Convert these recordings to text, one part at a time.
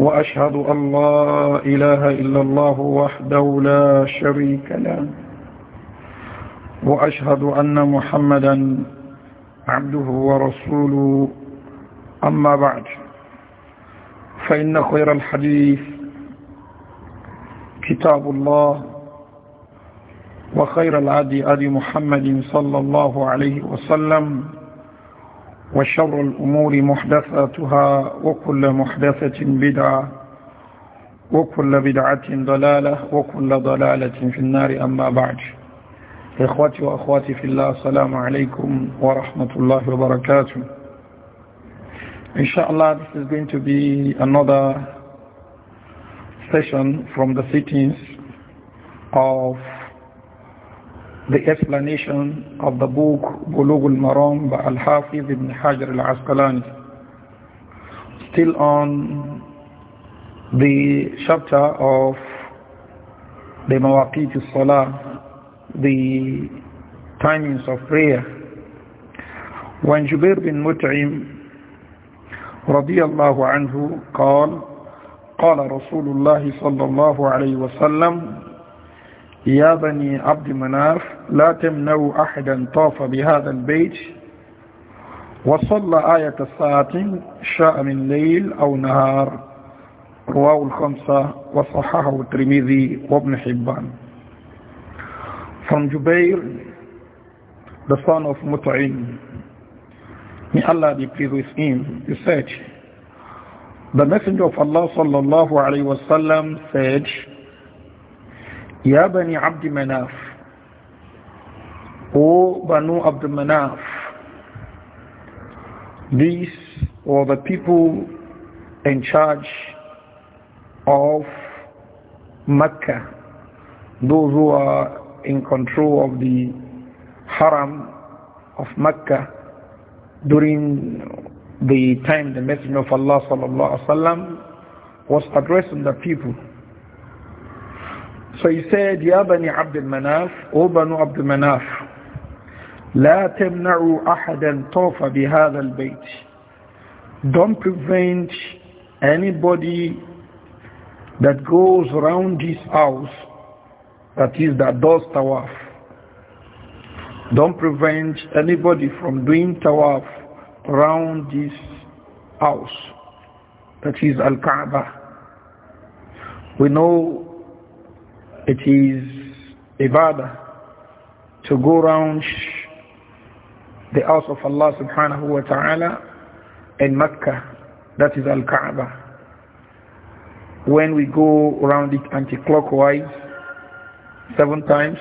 وأشهد أن لا إله إلا الله وحده لا شريك له وأشهد أن محمدا عبده ورسوله أما بعد فإن خير الحديث كتاب الله وخير العدي أدي محمد صلى الله عليه وسلم وشر الأمور محدثاتها وكل محدثة بدعة وكل بدعة ضلالة وكل ضلالة في النار أما بعد إخواتي وأخواتي في الله السلام عليكم ورحمة الله وبركاته إن شاء الله this is going to be another session from the sittings of the explanation of the book Bulugul maram by Al-Hafiz ibn Hajar al-Asqalani. Still on the chapter of the Mawaqit al-Salah, the timings of prayer. When Jubair bin Mut'im رضي الله عنه قال قال رسول الله صلى الله عليه وسلم يا بني عبد مناف لا تمنوا أحدا طاف بهذا البيت وصلى آية الساعة شاء من ليل أو نهار رواه الخمسة وصححه الترمذي وابن حبان From Jubair, the son of Mut'in, may Allah be pleased with him, he said, The Messenger of Allah sallallahu alayhi wa sallam said, Ya Bani Manaf, O Banu Abd Manaf, these were the people in charge of Mecca, those who are in control of the Haram of Mecca during the time the Messenger of Allah sallallahu alaihi wasallam was addressing the people so he said, Ya Bani Abdul Manaf, O Banu Abdul Manaf, لا تمنعوا أحدا طوف بهذا البيت. Don't prevent anybody that goes around this house, that is, the does tawaf. Don't prevent anybody from doing tawaf around this house, that is Al-Kaaba. We know it is ibadah to go round the house of Allah subhanahu wa ta'ala in Mecca. That is Al-Kaaba. When we go round it anti-clockwise seven times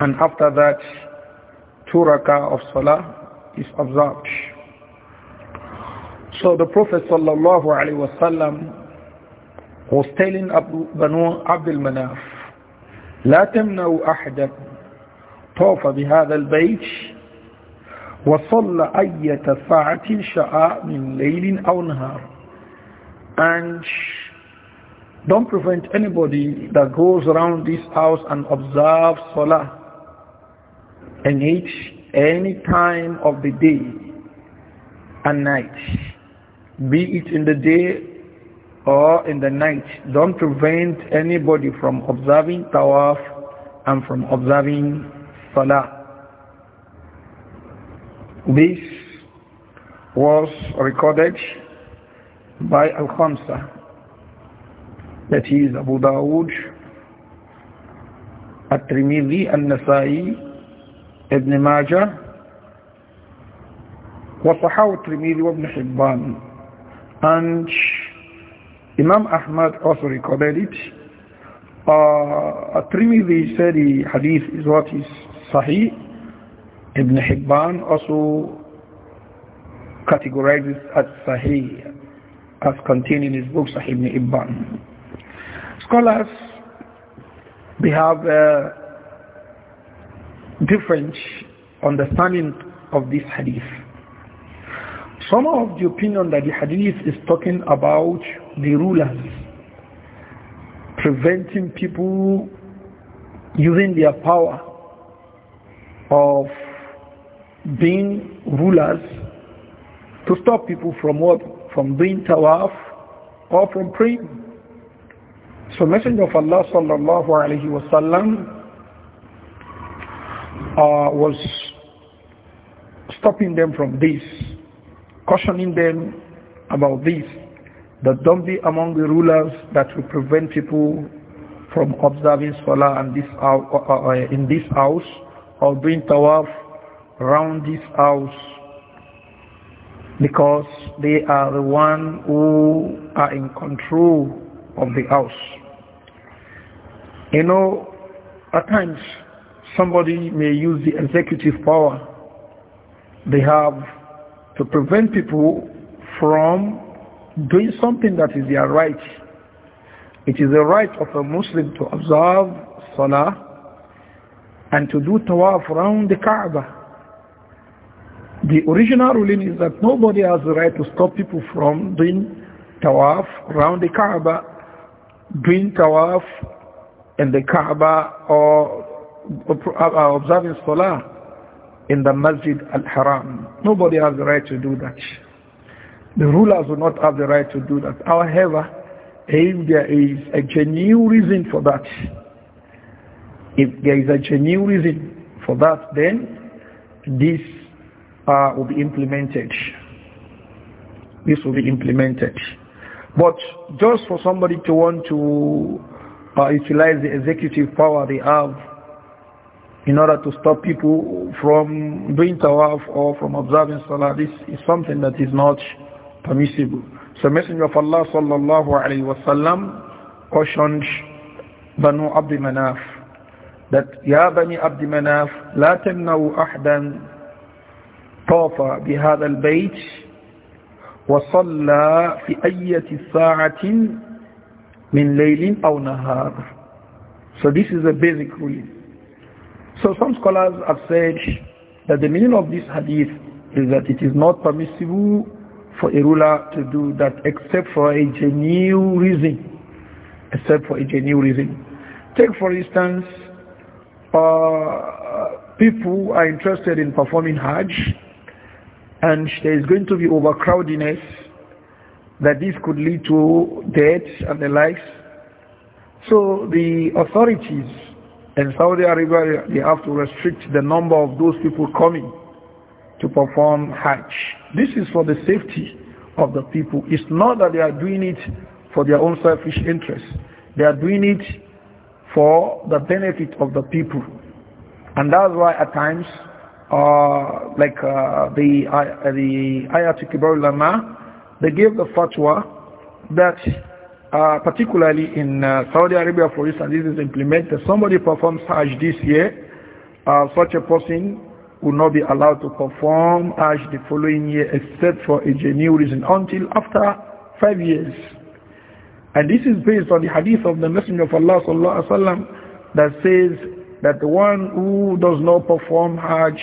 and after that two rakah of salah is observed. So the Prophet sallallahu alaihi wasallam was telling Abu Banu Abdul Manaf, لا تمنعوا أحدا طاف بهذا البيت وصلى أية ساعة شاء من ليل أو نهار and don't prevent anybody that goes around this house and observes Salah in each any time of the day and night be it in the day or in the night. Don't prevent anybody from observing tawaf and from observing salah. This was recorded by Al-Khamsa, that is Abu Dawood, At-Tirmidhi, An-Nasai, Ibn Majah, وصححه الترمذي وابن حبان and Imam Ahmad also recorded it. Uh, Trimidi said the hadith is what is Sahih. Ibn Hibban also categorizes as Sahih as contained in his book Sahih Ibn Hibban. Scholars, they have a different understanding of this hadith. Some of the opinion that the hadith is talking about the rulers preventing people using their power of being rulers to stop people from what? From doing tawaf or from praying. So Messenger of Allah sallallahu alayhi wasallam uh, was stopping them from this, cautioning them about this. But don't be among the rulers that will prevent people from observing Salah in this house, uh, uh, uh, in this house or doing tawaf around this house because they are the one who are in control of the house. You know, at times somebody may use the executive power they have to prevent people from doing something that is their right. It is the right of a Muslim to observe Salah and to do tawaf around the Kaaba. The original ruling is that nobody has the right to stop people from doing tawaf around the Kaaba, doing tawaf in the Kaaba or observing Salah in the Masjid al-Haram. Nobody has the right to do that. The rulers do not have the right to do that. However, if there is a genuine reason for that, if there is a genuine reason for that, then this uh, will be implemented. This will be implemented. But just for somebody to want to uh, utilize the executive power they have in order to stop people from doing tawaf or from observing salah, this is something that is not permissible. So Messenger of Allah sallallahu alayhi wasallam cautioned Banu Abdi Manaf that Ya Bani Abdi Manaf لا تمنعوا أحدا طاف بهذا البيت وصلى في أية ساعة من ليل أو نهار So this is a basic rule. So some scholars have said that the meaning of this hadith is that it is not permissible for a ruler to do that except for a genuine reason. Except for a genuine reason. Take for instance, uh, people are interested in performing Hajj and there is going to be overcrowdiness that this could lead to deaths and the likes. So the authorities in Saudi Arabia, they have to restrict the number of those people coming to perform Hajj. This is for the safety of the people. It's not that they are doing it for their own selfish interests. They are doing it for the benefit of the people. And that's why at times, uh, like uh, the, uh, the Ayatollah Kibar Lama, they gave the fatwa that uh, particularly in uh, Saudi Arabia, for instance, this is implemented. Somebody performs Hajj this year. Uh, such a person will not be allowed to perform Hajj the following year except for a genuine reason until after five years. And this is based on the hadith of the Messenger of Allah sallallahu alaihi wasallam that says that the one who does not perform Hajj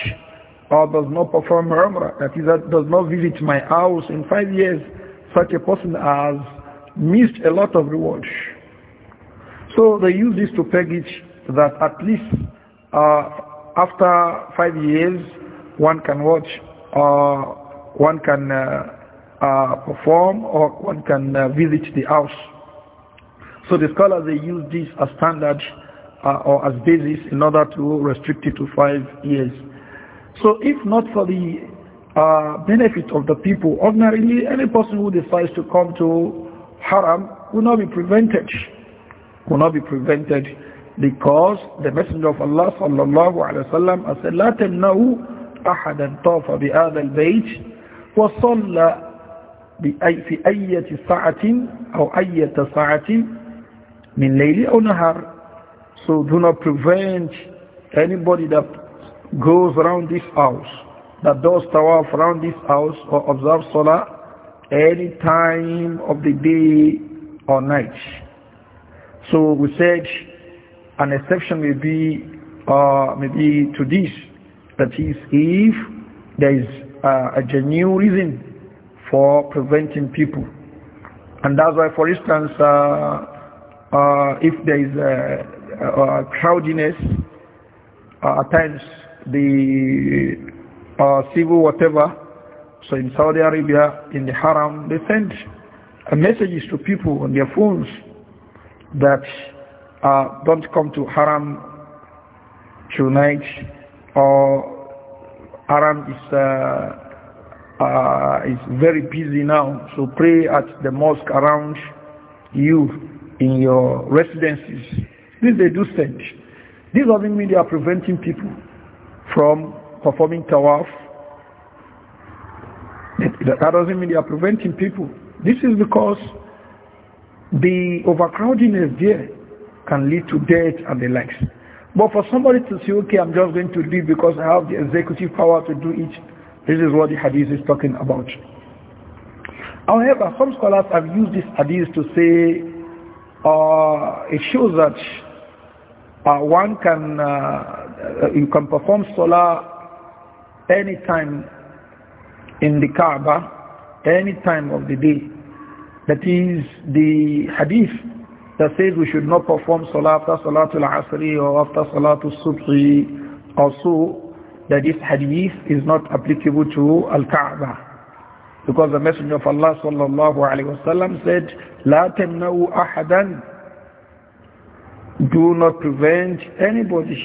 or does not perform Umrah, that is, that does not visit my house in five years, such a person has missed a lot of reward. So they use this to peg it that at least uh, after five years, one can watch or one can uh, uh, perform or one can uh, visit the house. So the scholars, they use this as standard or as basis in order to restrict it to five years. So if not for the uh, benefit of the people. Ordinarily, any person who decides to come to haram will not be prevented, will not be prevented because the Messenger of Allah sallallahu alayhi wa sallam has said, لا تمنعوا أحدا طاف بهذا البيت وصلى في أية ساعة أو أية ساعة من ليل أو نهار So do not prevent anybody that goes around this house, that does tawaf around this house or observes salah any time of the day or night. So we said an exception may be, uh, maybe to this, that is if there is uh, a genuine reason for preventing people. And that's why, for instance, uh, uh, if there is a, a, a crowdiness, uh, at times the uh, civil whatever, so in Saudi Arabia, in the Haram, they send messages to people on their phones that uh, don't come to haram tonight or haram is uh, uh, is very busy now so pray at the mosque around you in your residences this they do send this doesn't mean they are preventing people from performing tawaf that doesn't mean they are preventing people this is because the overcrowding is there can lead to death and the likes. But for somebody to say, okay, I'm just going to it because I have the executive power to do it, this is what the hadith is talking about. However, some scholars have used this hadith to say uh, it shows that uh, one can uh, uh you can perform salah any time in the Kaaba, any time of the day. That is the hadith that says we should not perform salah after salatul asri or after salatul subhi also that this hadith is not applicable to al-Kaaba because the messenger of Allah sallallahu alaihi wasallam said لا tamna'u أحدا do not prevent anybody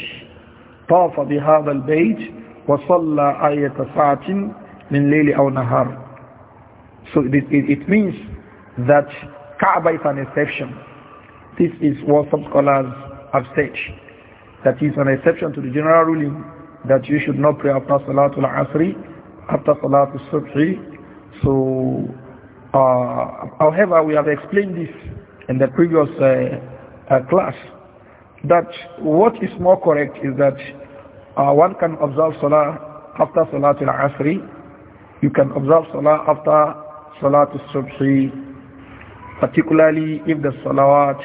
طاف بهذا البيت وصلى آية ساعة من ليل أو نهار so it, it, it means that Kaaba is an exception this is what some scholars have said. That is an exception to the general ruling that you should not pray after Salatul Asri, after Salatul Subhi. So, uh, however, we have explained this in the previous uh, uh, class, that what is more correct is that uh, one can observe Salah after Salatul Asri, you can observe Salah after Salatul Subhi, particularly if the Salawat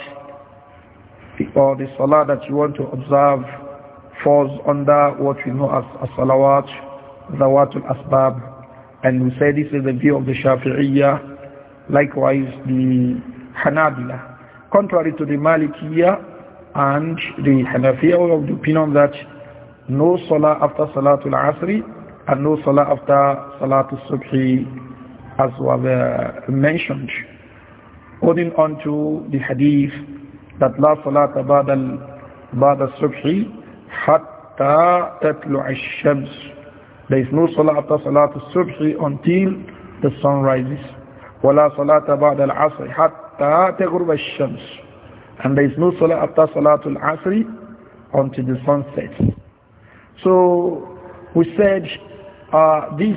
or the salah that you want to observe falls under what we know as, as salawat, zawatul asbab. And we say this is the view of the Shafi'iyya, likewise the Hanabila. Contrary to the Malikiyya and the Hanafiya, we have the opinion that no salah after salatul asri and no salah after salatul subhi as was uh, mentioned. Holding on to the hadith that صلاة بعد ba'da al-subhi hatta tatlu'a shams There is no salat after salat until the sun rises. ولا صلاة بعد العصر حتى تغرب الشمس and there is no صلاة صلاة العصر until the sun sets so we said uh, this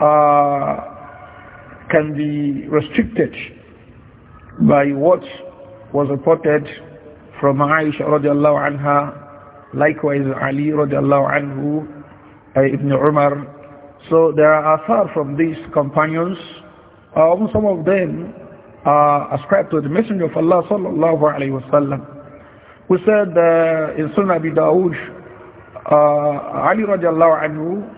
uh, can be restricted by what was reported from Aisha radiallahu anha, likewise Ali radiallahu anhu, uh, Ibn Umar. So there are far from these companions, uh, some of them are ascribed to the Messenger of Allah sallallahu alayhi wasallam. We said uh, in Sunnah Abi Dawud, uh, Ali radiallahu anhu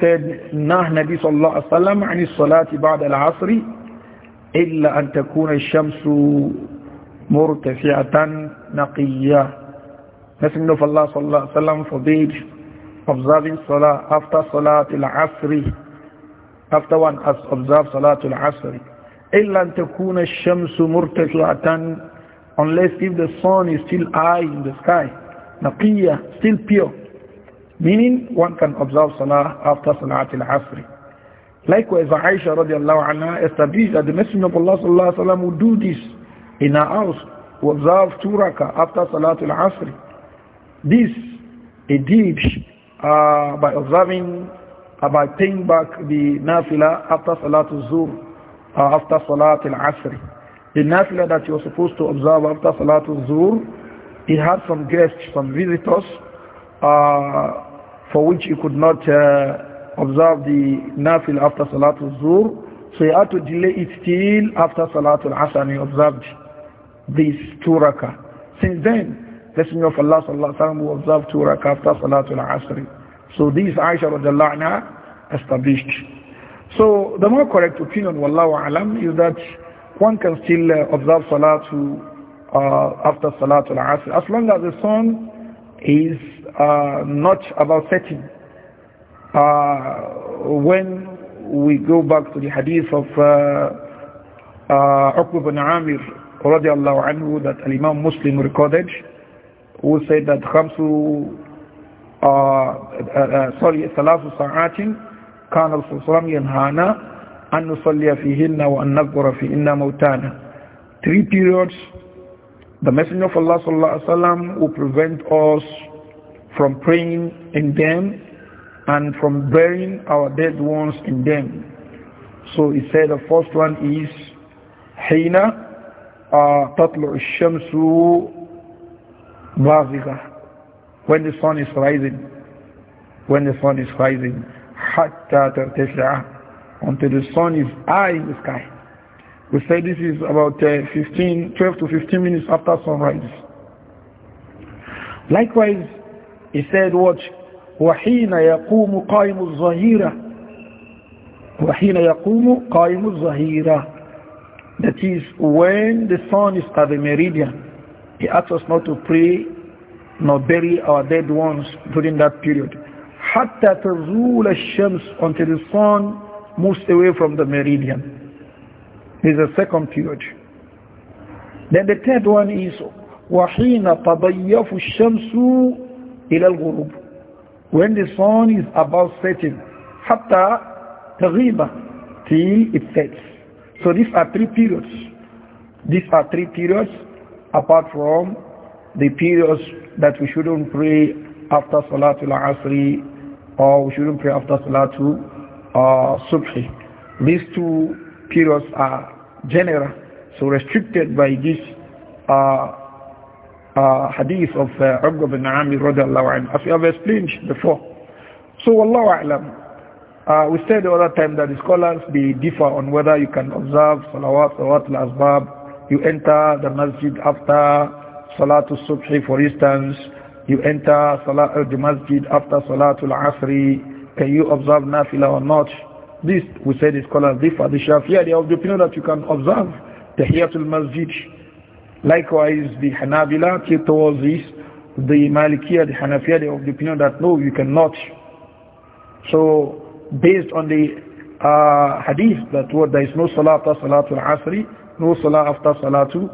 said, Nah Nabi sallallahu alayhi wa sallam, عن الصلاة al العصر illa أن تكون الشمس مرتفعة نقية Messenger of Allah الله عليه وسلم forbade observing salah after al asr after one has observed salatul asr illa an takuna ash-shamsu murtafi'atan unless if the sun is still high in the sky naqiya still pure meaning one can observe salah after al asr likewise Aisha radiallahu anha established that the Messenger of Allah sallallahu alaihi wasallam would do this in our house we observe two rakah after Salatul Asr. This a deed uh, by observing, uh, by paying back the nafila after Salatul Zuhr, uh, after Salatul Asr. The nafila that you're supposed to observe after Salatul Zuhr, he had some guests, some visitors, uh, for which he could not uh, observe the nafila after Salatul Zuhr. So he had to delay it till after Salatul Asr and he observed these two rakah. Since then, Messenger of Allah sallallahu alaihi wasallam will observe two rakah after Salatul Asr. So these Aisha radiallahu anha established. So the more correct opinion, wallahu alam, is that one can still uh, observe Salatul uh, after Salatul Asr as long as the sun is uh, not about setting. Uh, when we go back to the hadith of uh, uh, Uqba ibn Amir radiallahu anhu that Imam Muslim recorded who said that khamsu uh, uh, uh, sorry كان الرسول صلى الله عليه وسلم ينهانا أن نصلي فيهن وأن نذكر فيهن موتانا three periods the messenger of Allah صلى الله عليه وسلم will prevent us from praying in them and from burying our dead ones in them so he said the first one is حين uh, تطلع الشمس بازغة when the sun is rising when the sun is rising حتى ترتفع until the sun is high in the sky we say this is about uh, 15 12 to 15 minutes after sunrise likewise he said watch وحين يقوم قائم الظهيرة وحين يقوم قائم الظهيرة that is, when the sun is at the meridian, he asks us not to pray nor bury our dead ones during that period. حَتَّى تَزُولَ الشَّمْسُ Until the sun moves away from the meridian. This is the second period. Then the third one is وَحِينَ تَضَيَّفُ الشَّمْسُ إِلَى الْغُرُوبِ When the sun is about setting, حَتَّى تَغِيبَ Till it sets. So these are three periods. These are three periods apart from the periods that we shouldn't pray after Salatul Asri or we shouldn't pray after Salatul uh, Subhi. These two periods are general, so restricted by this uh, uh, hadith of Abu uh, Uqba bin Amir as we have explained before. So Allah A'lam, uh, we said the other time that the scholars they differ on whether you can observe salawat, salawat al-asbab. You enter the masjid after salatul subh, for instance. You enter salat, uh, the masjid after salatul asri. Can you observe nafila or not? This, we said the scholars differ. The Shafi'ah, they of the opinion that you can observe tahiyatul masjid. Likewise, the Hanabila take towards this. The malikiyah, the hanafiyah they of the opinion that no, you cannot. So based on the uh, hadith that what there is no salah after salatul asri, no salah after salatu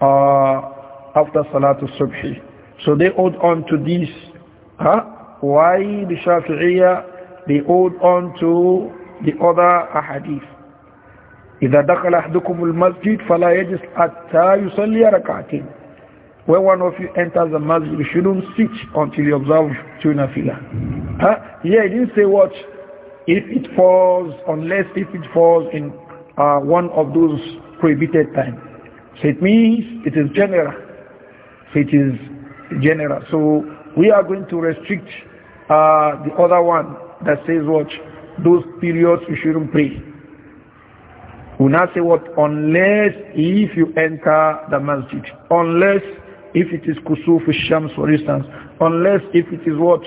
uh, after salatul subhi. So they hold on to this. Huh? Why the Shafi'iyah? They hold on to the other hadith. إذا دخل أحدكم المسجد فلا يجلس حتى يصلي ركعتين. When one of you enters the masjid, you shouldn't sit until you observe two filah. Huh? Yeah, he didn't say what if it falls, unless if it falls in uh, one of those prohibited times. So it means it is general. So it is general. So we are going to restrict uh, the other one that says what? Those periods you shouldn't pray. We now say what? Unless if you enter the masjid. Unless if it is kusuf shams for instance. Unless if it is what?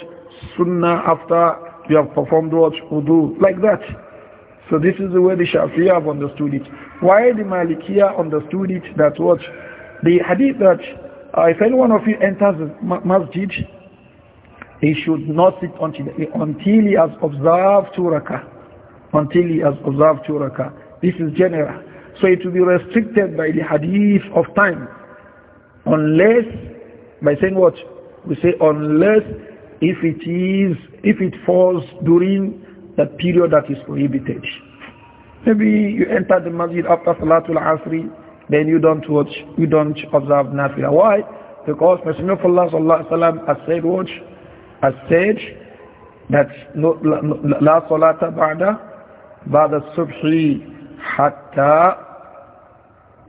Sunnah after you have performed what do like that. So this is the way the Shafi'i have understood it. Why the Malikiya understood it that what? The hadith that uh, if any one of you enters the masjid, he should not sit until, until he has observed two Until he has observed two This is general. So it will be restricted by the hadith of time. Unless, by saying what? We say unless if it is if it falls during the period that is prohibited. Maybe you enter the masjid after Salatul Asri, then you don't watch, you don't observe Nafila. Why? Because Messenger of Allah sallallahu alaihi wasallam has said watch, Has said that no, la, la salata ba'da ba'da subhi hatta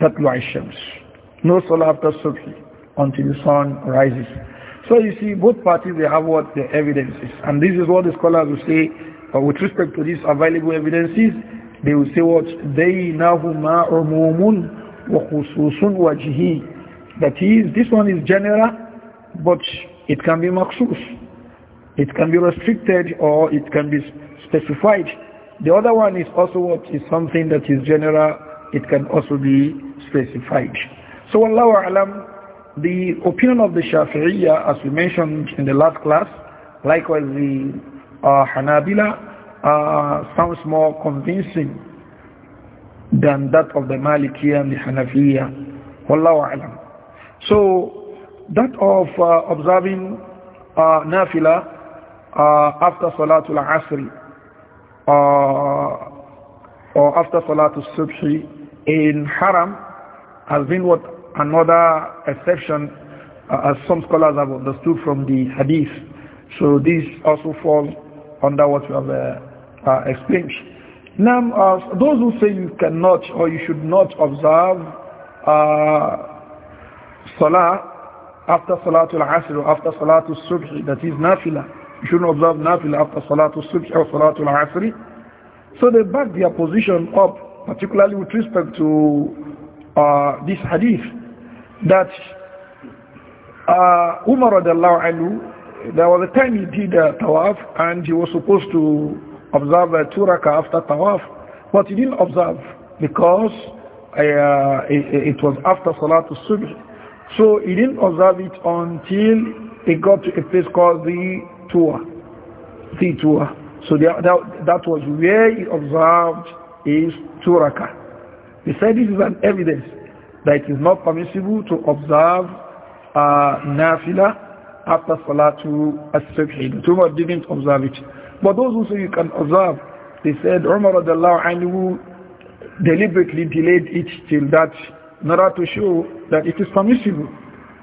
tatlu'a shams. No salah after subhi until the sun rises. So you see, both parties, they have what their evidences, And this is what the scholars will say uh, with respect to these available evidences. They will say what? بَيْنَهُمَا عُمُومٌ وَخُصُوصٌ وَجِهِ That is, this one is general, but it can be maksus. It can be restricted or it can be specified. The other one is also what is something that is general, it can also be specified. So Allah Alam, the opinion of the Shafi'iyya, as we mentioned in the last class, likewise the uh, Hanabila, uh, sounds more convincing than that of the Malikiyya and the Hanafiya. Wallahu alam. So that of uh, observing uh, Nafila uh, after Salatul Asri uh, or after Salatul Subhi in Haram has been what another exception uh, as some scholars have understood from the hadith. So this also falls under what we have uh, uh, explained. Now, those who say you cannot or you should not observe uh, Salah after Salatul Asr or after Salatul Subh, that is Nafila. You shouldn't observe Nafila after Salatul Subh or Salatul Asr. So they back their position up, particularly with respect to uh, this hadith that uh, Umar anhu, there was a time he did uh, tawaf and he was supposed to observe uh, two rakah after tawaf but he didn't observe because uh, it, it was after Salatul Subh so he didn't observe it until he got to a place called the Tua the Tua so that, that, that was where he observed his two rakah he said this is an evidence that it is not permissible to observe uh, nafila after Salatu as-Subhi. Umar didn't observe it. But those who say you can observe, they said Umar anhu deliberately delayed it till that in order to show that it is permissible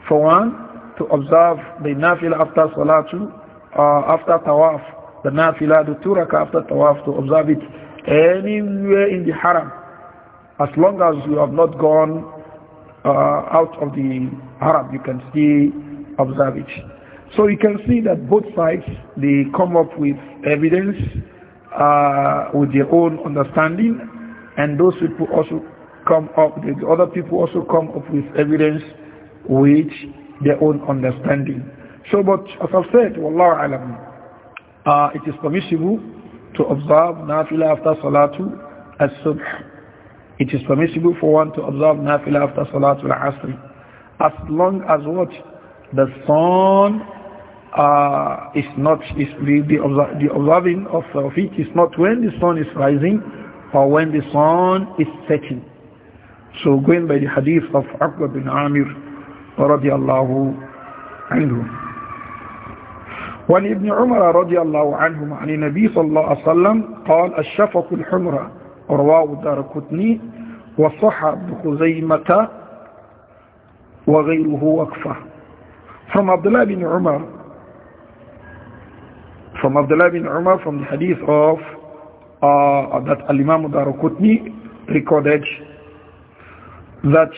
for one to observe the nafila after Salatu, uh, after Tawaf, the nafila, the turaka after Tawaf, to observe it anywhere in the haram as long as you have not gone uh, out of the Arab, you can still observe it. So you can see that both sides, they come up with evidence uh, with their own understanding, and those people also come up, the other people also come up with evidence with their own understanding. So, but as I've said, Wallahu alam, uh, it is permissible to observe nafila after salatu as-subh it is permissible for one to observe nafila after Salatul Asr as long as what the sun uh, is not is the, the, observe, the observing of, of it is not when the sun is rising or when the sun is setting. So going by the hadith of Aqba bin Amir radiallahu anhu. وعن ابن عمر رضي الله عنهما عن النبي صلى الله عليه وسلم قال الشفق الحمرة رواه دار كتني وصح بخزيمة وغيره وقفة from Abdullah bin Umar from Abdullah bin Umar from the hadith of uh, that Al-Imam Darukutni recorded that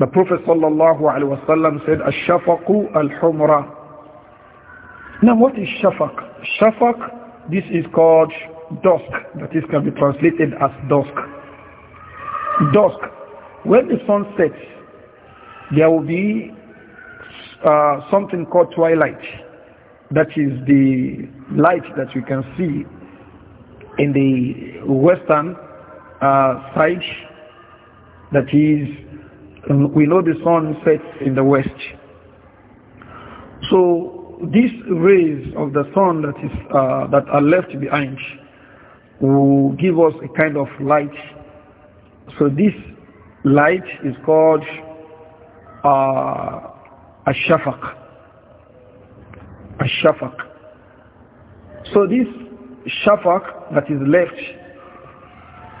the Prophet sallallahu wa sallam said الشفق الحمر Now, what is shafaq? Shafaq, this is called dusk. That is can be translated as dusk. Dusk. When the sun sets, there will be uh, something called twilight. That is the light that we can see in the western uh, side. That is, um, we know the sun sets in the west. So these rays of the sun that is uh, that are left behind will give us a kind of light. So this light is called uh, ash So this Shafaq that is left,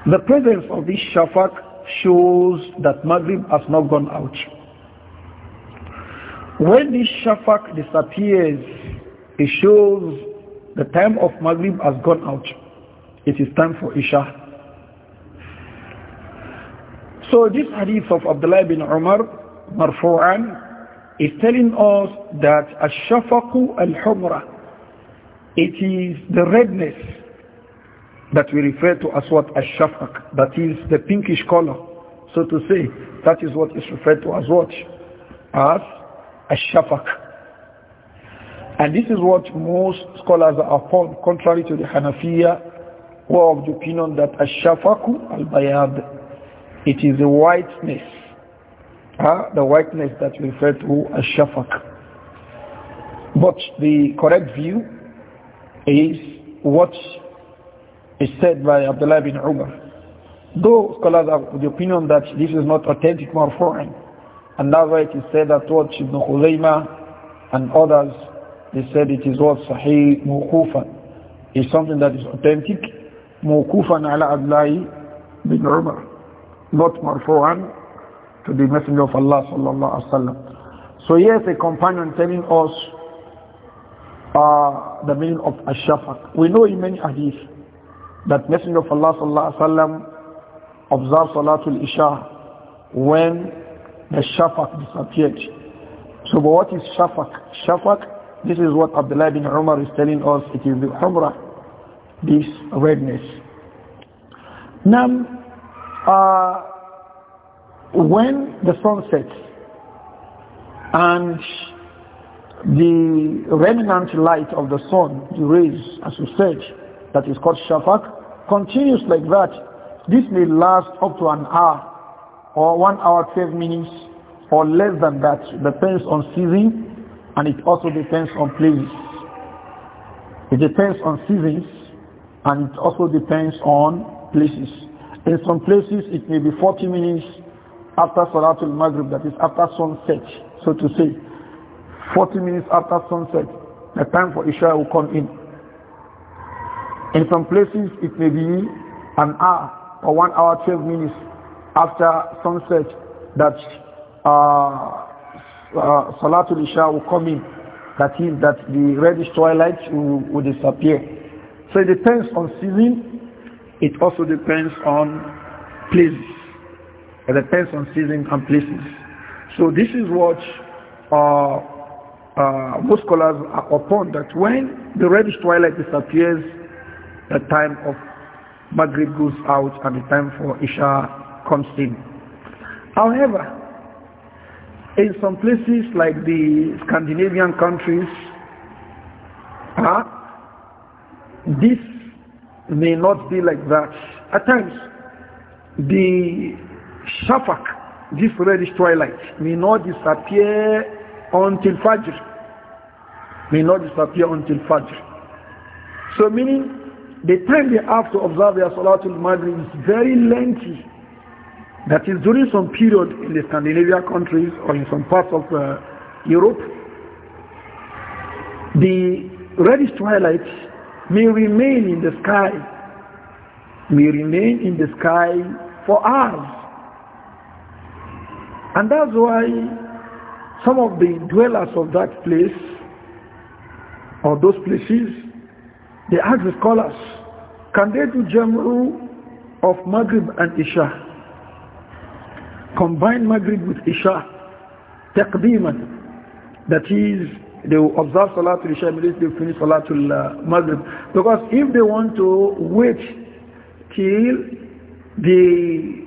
the presence of this Shafaq shows that Maghrib has not gone out. When this Shafaq disappears, it shows the time of Maghrib has gone out it is time for Isha. So this hadith of Abdullah bin Umar, Marfu'an, is telling us that Ash-Shafaqu al-Humra, it is the redness that we refer to as what Ash-Shafaq, that is the pinkish color, so to say, that is what is referred to as what? As Ash-Shafaq. And this is what most scholars are upon, contrary to the Hanafiya were of the opinion that Ashafaku al bayad it is the whiteness, huh? the whiteness that we refer to as But the correct view is what is said by Abdullah bin Umar. Though scholars are of the opinion that this is not authentic foreign, and that's why it is said that what Ibn Khuzayma and others, they said it is what Sahih Mukufan is something that is authentic, موقوفا على عبد الله بن عمر not مرفوعا to the messenger of Allah sallallahu alaihi wasallam so here's a companion telling us uh, the meaning of ash we know in many hadith that messenger of Allah sallallahu alaihi wasallam observed salatul isha when the shafaq disappeared so what is shafaq shafaq this is what Abdullah bin Umar is telling us it is the umrah this redness. Now, uh, when the sun sets and the remnant light of the sun, the rays, as we said, that is called shafak, continues like that. This may last up to an hour or one hour, 12 minutes or less than that. Depends on season and it also depends on places. It depends on seasons and it also depends on places. In some places it may be 40 minutes after Salatul Maghrib, that is after sunset, so to say. 40 minutes after sunset, the time for Isha will come in. In some places it may be an hour or one hour 12 minutes after sunset that uh, uh, Salatul Isha will come in. That is that the reddish twilight will, will disappear. So it depends on season. It also depends on places. It depends on season and places. So this is what uh, uh, most scholars are upon, that when the reddish twilight disappears, the time of Maghrib goes out and the time for Isha comes in. However, in some places like the Scandinavian countries, uh, this may not be like that. At times, the shafak, this reddish twilight, may not disappear until Fajr. May not disappear until Fajr. So meaning, the time they have to observe their Salatul Maghrib is very lengthy. That is during some period in the Scandinavian countries or in some parts of uh, Europe, the reddish twilight may remain in the sky, may remain in the sky for us. And that's why some of the dwellers of that place or those places, they ask the scholars, can they do Jam'u of Maghrib and Isha? Combine Maghrib with Isha, taqdeeman, that is they will observe Salatul Isha immediately they finish Salatul uh, Maghrib. Because if they want to wait till the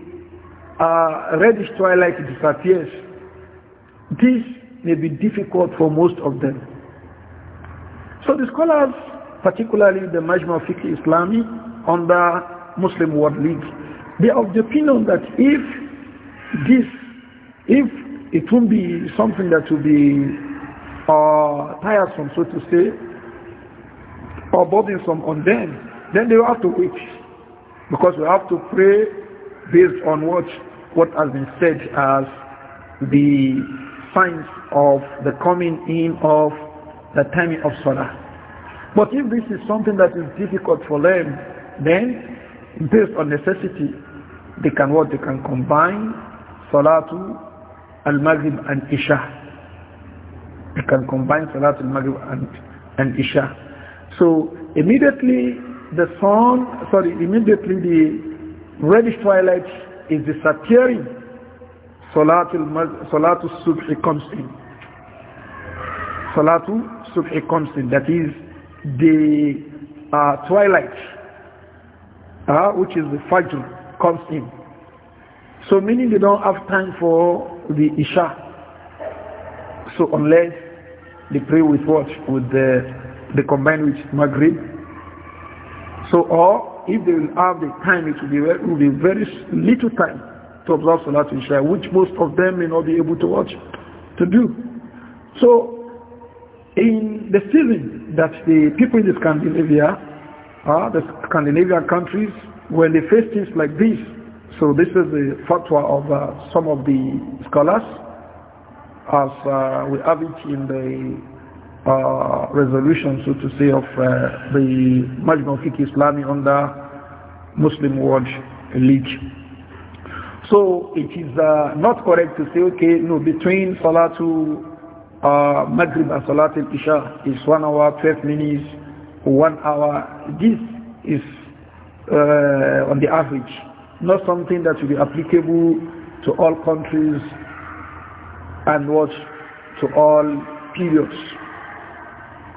uh, reddish twilight disappears, this may be difficult for most of them. So the scholars, particularly the Majma Fiqh Islami under Muslim World League, they are of the opinion that if this, if it won't be something that will be are uh, tiresome, so to say, or burdensome on them, then they will have to wait. Because we have to pray based on what, what has been said as the signs of the coming in of the timing of Salah. But if this is something that is difficult for them, then based on necessity, they can what? They can combine Salatu, Al-Maghrib and Isha you can combine Salat al-Maghrib and, and Isha. So immediately the sun, sorry, immediately the reddish twilight is disappearing. Salatul, Salatul Subh comes in. Salatul Subh comes in. That is the uh, twilight, uh, which is the Fajr, comes in. So meaning they don't have time for the Isha. So unless they pray with what? With the, they combine with Maghrib. So, or if they will have the time, it will be, it will be very little time to observe Salat Isha, which most of them may not be able to watch, to do. So, in the season that the people in the Scandinavia, uh, the Scandinavian countries, when they face things like this, so this is the fatwa of uh, some of the scholars, as uh, we have it in the uh, resolution, so to say, of uh, the Majma Fiqh Islami under Muslim World League. So it is uh, not correct to say, okay, no, between Salatul uh, Maghrib and Salatul Isha is 1 hour, 12 minutes, 1 hour. This is uh, on the average, not something that will be applicable to all countries and what to all periods.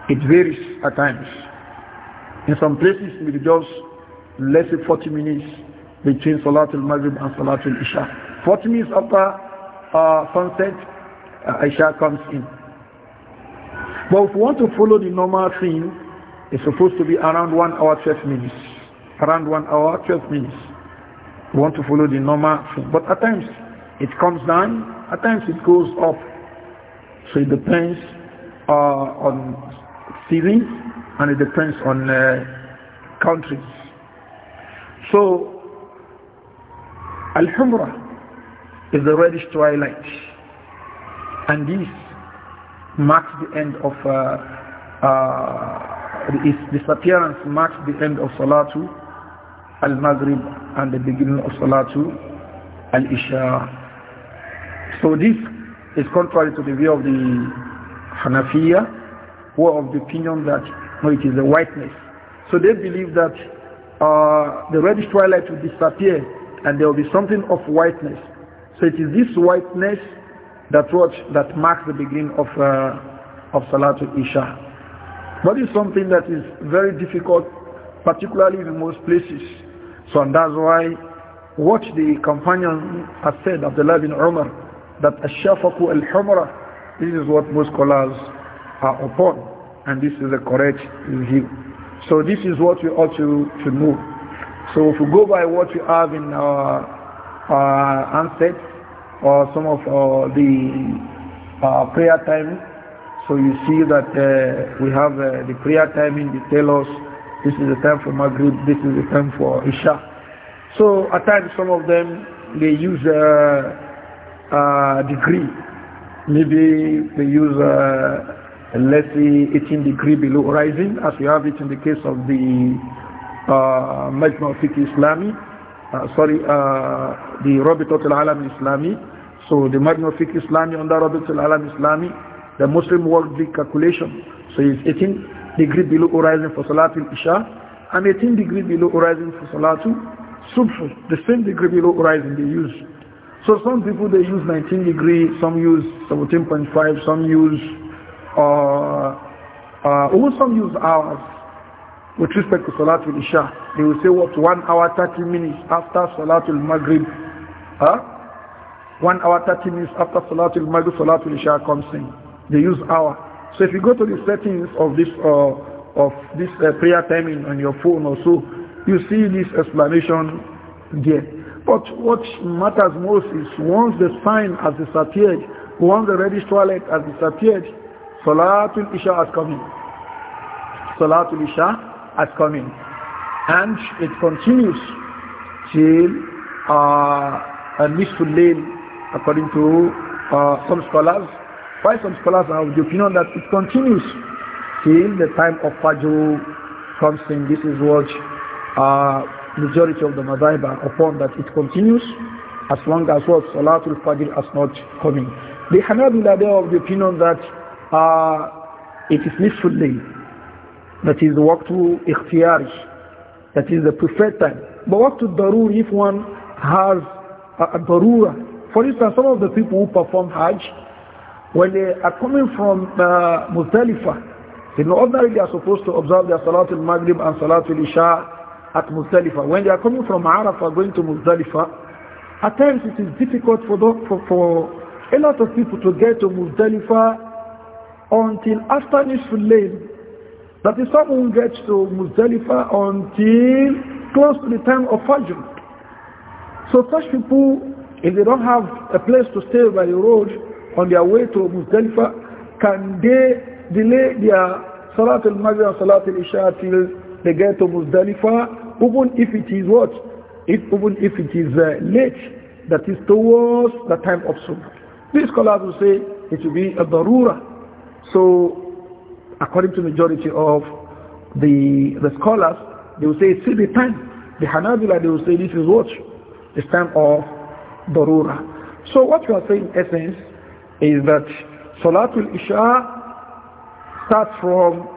It varies at times. In some places it just less than 40 minutes between Salatul Maghrib and Salatul Isha. 40 minutes after uh, sunset, uh, Isha comes in. But if we want to follow the normal thing, it's supposed to be around 1 hour 12 minutes. Around 1 hour 12 minutes. We want to follow the normal thing. But at times, it comes down, at times it goes up. So it depends uh, on seasons and it depends on uh, countries. So Al-Humra is the reddish twilight and this marks the end of uh, uh its disappearance marks the end of Salatu al-Maghrib and the beginning of Salatu al-Isha so this is contrary to the view of the Hanafiya, who are of the opinion that no, it is the whiteness. So they believe that uh, the reddish twilight will disappear and there will be something of whiteness. So it is this whiteness that what that marks the beginning of uh, of Salatul Isha. But it's something that is very difficult, particularly in most places. So and that's why what the companion has said, Abdullah bin Umar, that ashafaku shafaku al-Humra, this is what most scholars are upon, and this is the correct view. So this is what we ought to, to know. So if we go by what we have in our, our ancestors, or some of uh, the uh, prayer time, so you see that uh, we have uh, the prayer timing, they tell us this is the time for Maghrib, this is the time for Isha. So at times some of them, they use uh, uh, degree. Maybe they use, uh, let's say, 18 degree below horizon, as we have it in the case of the uh, Majma Fiqh Islami, uh, sorry, uh, the Rabitot al-Alam Islami. So the Majma Fiqh Islami under Rabitot al-Alam Islami, the Muslim world calculation. So it's 18 degree below horizon for Salatul Isha and 18 degree below horizon for Salatul Subh. The same degree below horizon they use. So some people they use 19 degree, some use 17.5, some use, uh, uh, or some use hours. With respect to Salatul Isha, they will say what one hour 30 minutes after Salatul Maghrib, huh? One hour 30 minutes after Salatul Maghrib, Salatul Isha comes in. They use hour. So if you go to the settings of this uh, of this uh, prayer timing on your phone or so, you see this explanation there. But what matters most is once the sign has disappeared, once the reddish toilet has disappeared, Salatul Isha has come in. Salatul Isha has come in. And it continues till uh, Nisful Layl, according to uh, some scholars. Why some scholars are of the opinion that it continues till the time of Fajr comes in. This is what uh, majority of the madhaib are upon that it continues as long as what Salatul Fajr is not coming. The Hanabila they are of the opinion that uh, it is nisful day, that is waqtu ikhtiyari, that is the preferred time. But waqtu darur if one has a, a darura, for instance some of the people who perform hajj, when they are coming from uh, Muzdalifah, they ordinarily are supposed to observe their Salatul Maghrib and Salatul Isha at Muzdalifah. When they are coming from Arafah going to Muzdalifah, at times it is difficult for, the, for, for a lot of people to get to Muzdalifah until after Nisful Layl. That is, someone gets to Muzdalifah until close to the time of Fajr. So such people, if they don't have a place to stay by the road on their way to Muzdalifah, can they delay their Salat al-Maghrib and Salat al-Isha till they get to Muzdalifah, even if it is what? If, even if it is uh, late, that is towards the time of Sunnah. These scholars will say it will be a darura. So, according to majority of the, the scholars, they will say it's still the time. The Hanabila, they will say this is what? It's time of darura. So what we are saying in essence is that Salatul Isha starts from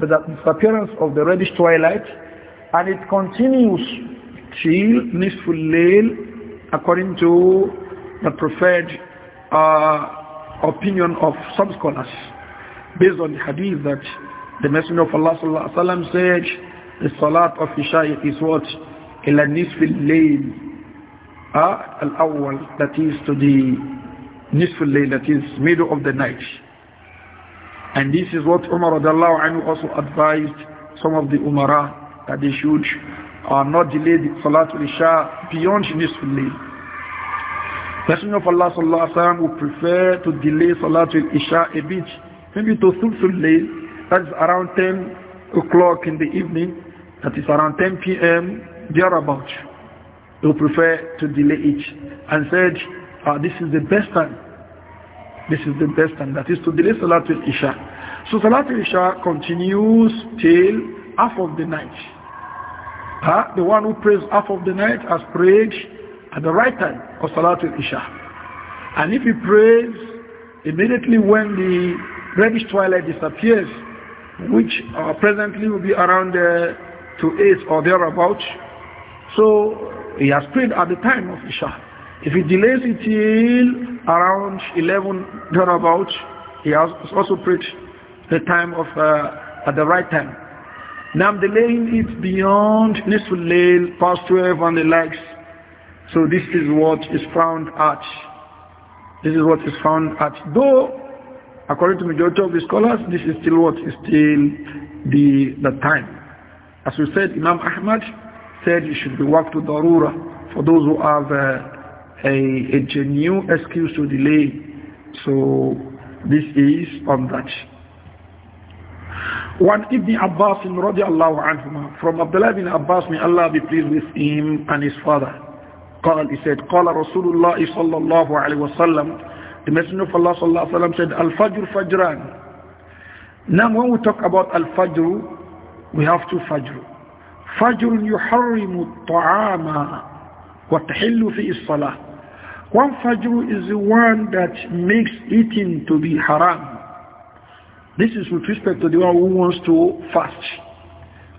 the disappearance of the reddish twilight and it continues till nisful layl according to the preferred uh, opinion of some scholars based on the hadith that the messenger of Allah sallallahu alaihi wasallam said the salat of Isha is what ila nisful layl uh, al-awwal is to the nisful layl that is middle of the night and this is what Umar anhu also advised some of the Umara that they should uh, not delay the Salatul Isha beyond Nisful Layl. Messenger of Allah sallallahu wa wasallam would prefer to delay Salatul Isha a bit, maybe to Thulthul Layl, that's around 10 o'clock in the evening, that is around 10 p.m., thereabout. He would prefer to delay it and said, uh, this is the best time this is the best time, that is to delay Salatul Isha. So Salatul Isha continues till half of the night. Huh? The one who prays half of the night has prayed at the right time of Salatul Isha. And if he prays immediately when the reddish twilight disappears, which uh, presently will be around uh, to 8 or thereabouts, so he has prayed at the time of Isha. If he delays it till around 11, thereabouts, he has also preached the time of, uh, at the right time. Now I'm delaying it beyond Nisful Lail, past 12 and the likes. So this is what is found at. This is what is found at. Though, according to majority of the scholars, this is still what is still the, the time. As we said, Imam Ahmad said you should be to darura for those who have uh, a, a genuine excuse to delay. So this is on that. One Ibn Abbas radiallahu anhu from Abdullah ibn Abbas, may Allah be pleased with him and his father. قال, he said, قال رسول الله صلى الله عليه وسلم, the Messenger of Allah صلى الله عليه وسلم said, Al-Fajr Fajran. Now when we talk about Al-Fajr, we have two Fajr. Fajr يحرم الطعام وتحل فيه الصلاة. One fajr is the one that makes eating to be haram. This is with respect to the one who wants to fast.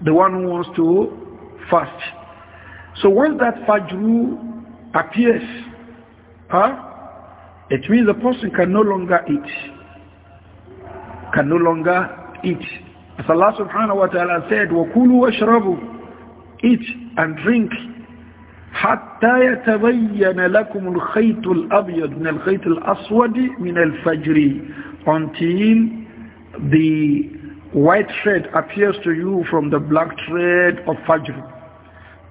The one who wants to fast. So once that fajr appears, huh, it means the person can no longer eat. Can no longer eat. As Allah subhanahu wa ta'ala said, وَكُلُوا وَاشْرَبُوا Eat and drink حتى يتبين لكم الخيط الأبيض من الخيط الأسود من الفجر until the white thread appears to you from the black thread of Fajr.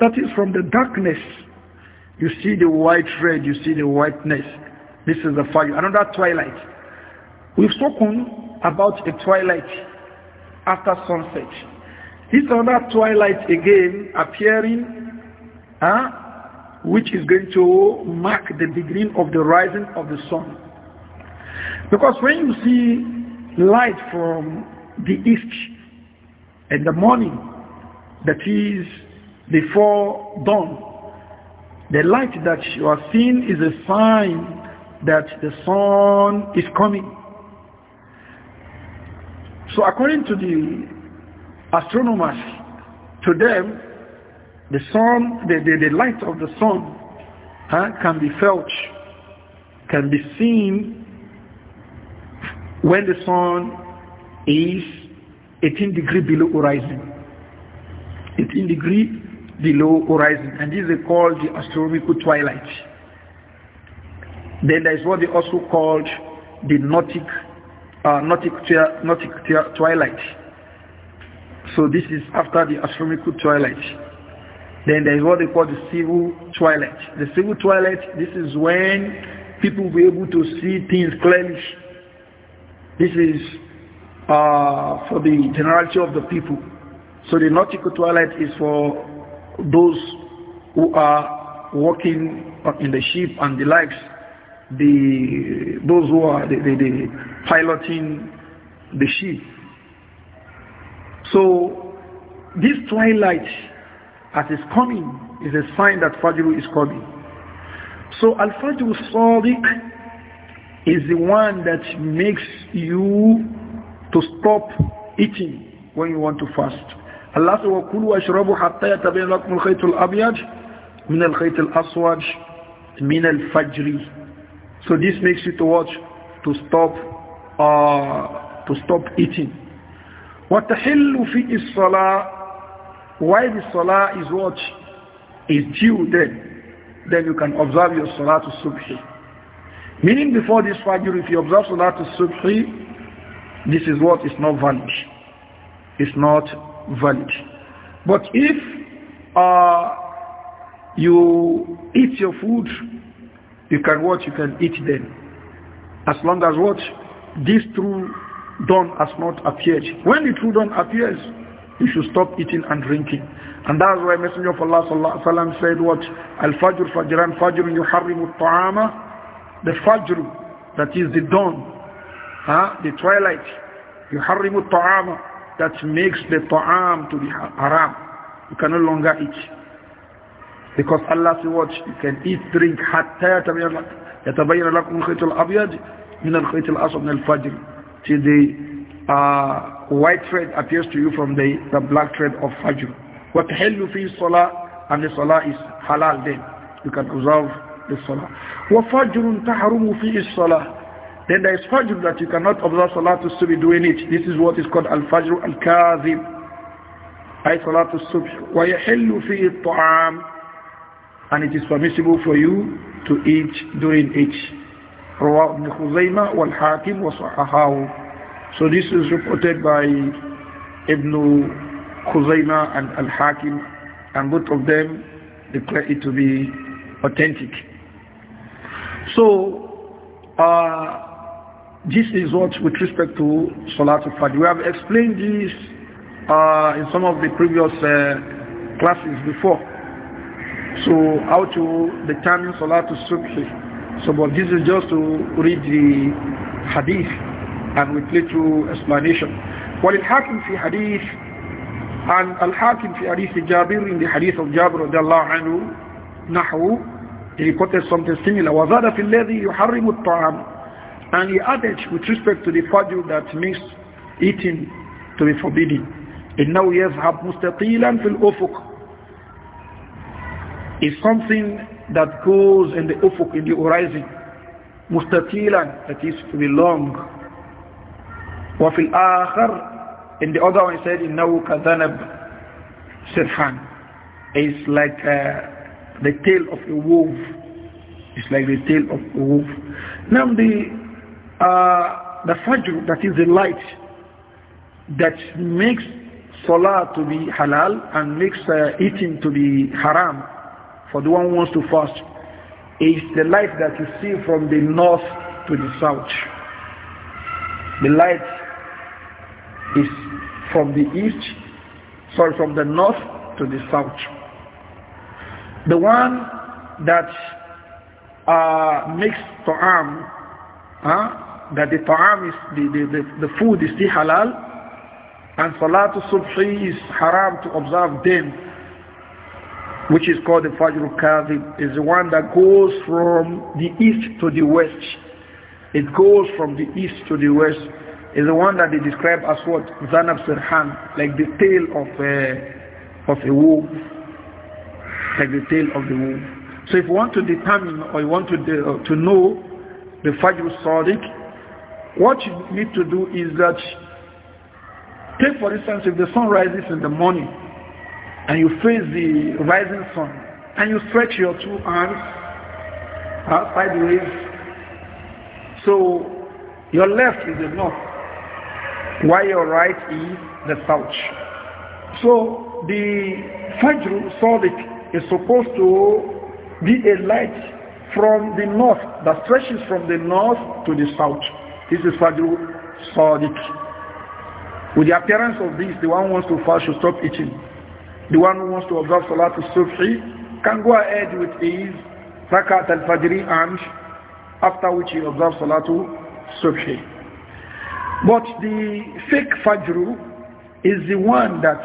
That is from the darkness. You see the white thread, you see the whiteness. This is the Fajr. Another twilight. We've spoken about a twilight after sunset. This another twilight again appearing huh, which is going to mark the beginning of the rising of the sun. Because when you see light from the east in the morning, that is before dawn, the light that you are seeing is a sign that the sun is coming. So according to the astronomers, to them, the sun, the, the, the light of the sun huh, can be felt, can be seen when the sun is 18 degree below horizon. 18 degree below horizon. And this is called the astronomical twilight. Then there is what they also called the nautic, uh, nautic, nautic twilight. So this is after the astronomical twilight. Then there is what they call the civil toilet. The civil toilet, this is when people will be able to see things clearly. This is uh, for the generality of the people. So the nautical toilet is for those who are working in the ship and the likes, the those who are the, the, the piloting the ship. So this twilight as it's coming is a sign that Fajr is coming. So Al-Fajr Sadiq is the one that makes you to stop eating when you want to fast. Allah says, وَكُلُوا وَاشْرَبُوا حَتَّى يَتَبَيْنَ لَكُمُ الْخَيْطُ الْأَبْيَضُ مِنَ الْخَيْطِ الْأَسْوَدِ مِنَ الْفَجْرِ So this makes you to watch, to stop, uh, to stop eating. وَتَحِلُّ فِي الصَّلَاةِ why the salah is what is due then, then you can observe your salah to subhi. Meaning before this fajr, if you observe salah to subhi, this is what is not valid. It's not valid. But if uh, you eat your food, you can what? You can eat them. As long as what? This true dawn has not appeared. When the true dawn appears, you should stop eating and drinking. And that's why Messenger of Allah sallallahu alaihi wasallam said what? Al-Fajr Fajran Fajrun yuharrimu ta'ama. The Fajr, that is the dawn, huh? the twilight, yuharrimu ta'ama, that makes the ta'am to be haram. You can no longer eat. Because Allah said what? You can eat, drink, hatta ya lakum khayt al-abyad min al-khayt al-asab min al-fajr. Till the uh, white thread appears to you from the, the black thread of Fajr. you فِي salah And the Salah is halal then. You can observe the Salah. وَفَجْرٌ تَحْرُمُ فِي salah Then there is Fajr that you cannot observe Salah to be doing it. This is what is called Al-Fajr Al-Kazib. أي صلاة hell you فيه الطعام and it is permissible for you to eat during each رواه ابن خزيمة والحاكم so this is reported by Ibn Khuzayna and Al-Hakim and both of them declare it to be authentic. So uh, this is what with respect to Salatul Fajr. We have explained this uh, in some of the previous uh, classes before. So how to determine Salatul Subhi. So but this is just to read the hadith and with little explanation. in hadith and al-Hakim fi hadith Jabir in the hadith of Jabir رضي الله عنه he quoted something similar وزاد في الذي يحرم الطعام and he added with respect to the fajr that makes eating to be forbidden إنه يذهب مستطيلا في الأفق is something that goes in the ufuk, in the horizon. Mustatilan, that is to be long. وفي الآخر in the other one said إنه كذنب سرحان it's like uh, the tail of a wolf it's like the tail of a wolf now the uh, the fajr that is the light that makes salah to be halal and makes uh, eating to be haram for the one who wants to fast is the light that you see from the north to the south the light is from the east, sorry, from the north to the south. The one that uh, makes ta'am, huh? that the ta'am is, the, the, the, the food is still halal, and Salatul Subhi is haram to observe them, which is called the Fajr Kadhib, is the one that goes from the east to the west. It goes from the east to the west is the one that they describe as what? Zanab Sirhan, like the tail of a, uh, of a wolf. Like the tail of the wolf. So if you want to determine or you want to, uh, to know the Fajr Sadiq, what you need to do is that, take for instance, if the sun rises in the morning and you face the rising sun and you stretch your two arms outside uh, the so your left is the north, while your right is the south. So the Fajr Sadiq is supposed to be a light from the north that stretches from the north to the south. This is Fajr Sadiq. With the appearance of this, the one who wants to fast should stop eating. The one who wants to observe Salat al-Subhi can go ahead with his Rakat al-Fajri and after which he observes Salatul Subhi. But the fake Fajru is the one that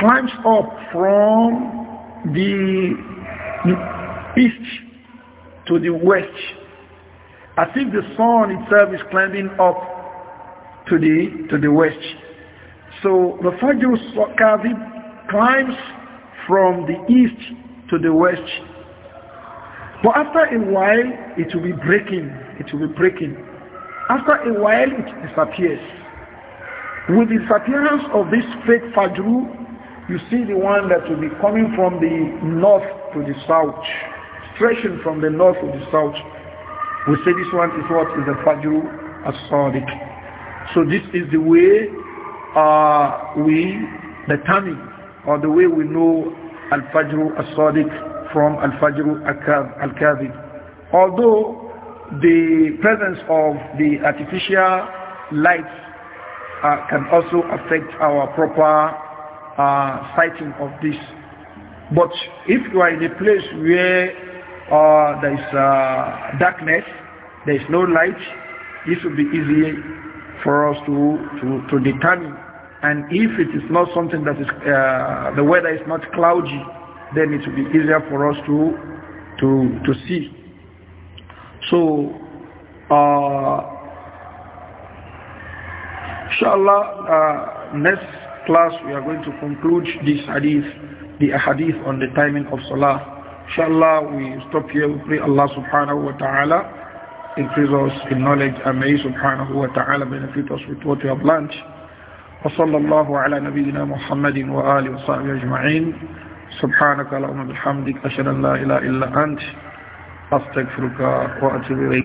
climbs up from the east to the west, as if the sun itself is climbing up to the, to the west. So the Fajr Kadhib climbs from the east to the west. But after a while, it will be breaking. It will be breaking. After a while, it disappears. With the disappearance of this fake fajru, you see the one that will be coming from the north to the south, stretching from the north to the south. We say this one is what is the fajru as So this is the way uh, we determine or the way we know al-fajru as from al-fajru al-kadhib. Although the presence of the artificial light uh, can also affect our proper uh, sighting of this. But if you are in a place where uh, there is uh, darkness, there is no light, this will be easy for us to, to, to determine. And if it is not something that is, uh, the weather is not cloudy, then it will be easier for us to, to, to see. So, uh, inshallah, uh, next class we are going to conclude this hadith, the hadith on the timing of salah. Inshallah, we stop here. We pray Allah subhanahu wa ta'ala increase us in knowledge and may subhanahu wa ta'ala benefit us with what we have learned. وصلى الله على نبينا محمد وآله وصحبه أجمعين سبحانك اللهم وبحمدك أشهد أن لا إله إلا أنت أستغفرك وأتوب إليك